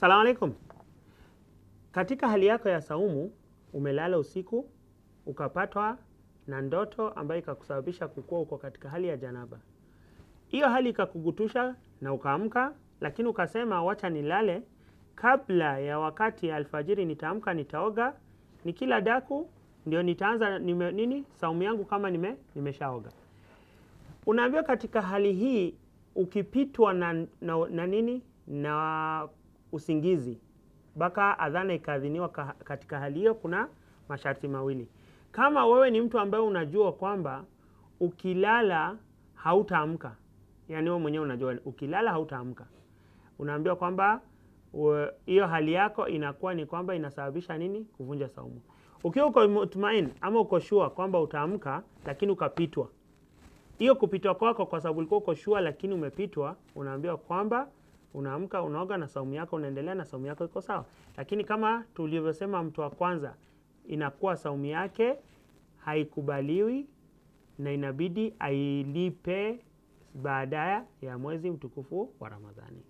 Salamu alaikum. Katika hali yako ya saumu, umelala usiku ukapatwa na ndoto ambayo ikakusababisha kukua uko katika hali ya janaba. Hiyo hali ikakugutusha na ukaamka, lakini ukasema wacha nilale kabla ya wakati ya alfajiri, nitaamka, nitaoga, nikila daku ndio nitaanza nime, nini saumu yangu kama nime nimeshaoga. Unaambiwa katika hali hii ukipitwa na, na, na nini na usingizi mpaka adhana ikaadhiniwa. Katika hali hiyo, kuna masharti mawili. Kama wewe ni mtu ambaye unajua kwamba ukilala hautaamka, yani wewe mwenyewe unajua ukilala hautaamka, unaambiwa kwamba hiyo hali yako inakuwa ni kwamba inasababisha nini? Kuvunja saumu. Ukiwa uko mutmain ama uko shua kwamba utaamka, lakini ukapitwa, hiyo kupitwa kwako kwa sababu ulikuwa uko shua lakini umepitwa, unaambiwa kwamba unaamka, unaoga na saumu yako, unaendelea na saumu yako, iko sawa. Lakini kama tulivyosema, mtu wa kwanza inakuwa saumu yake haikubaliwi na inabidi ailipe baada ya mwezi mtukufu wa Ramadhani.